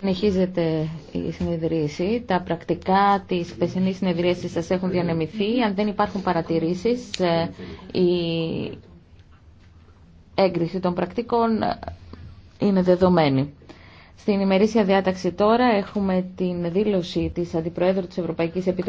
Συνεχίζεται η συνεδρίαση. Τα πρακτικά τη πεσινής συνεδρίαση σα έχουν διανεμηθεί. Αν δεν υπάρχουν παρατηρήσει, ε, η έγκριση των πρακτικών ε, είναι δεδομένη. Στην ημερήσια διάταξη τώρα έχουμε την δήλωση της Αντιπροέδρου της Ευρωπαϊκής Επιτροπής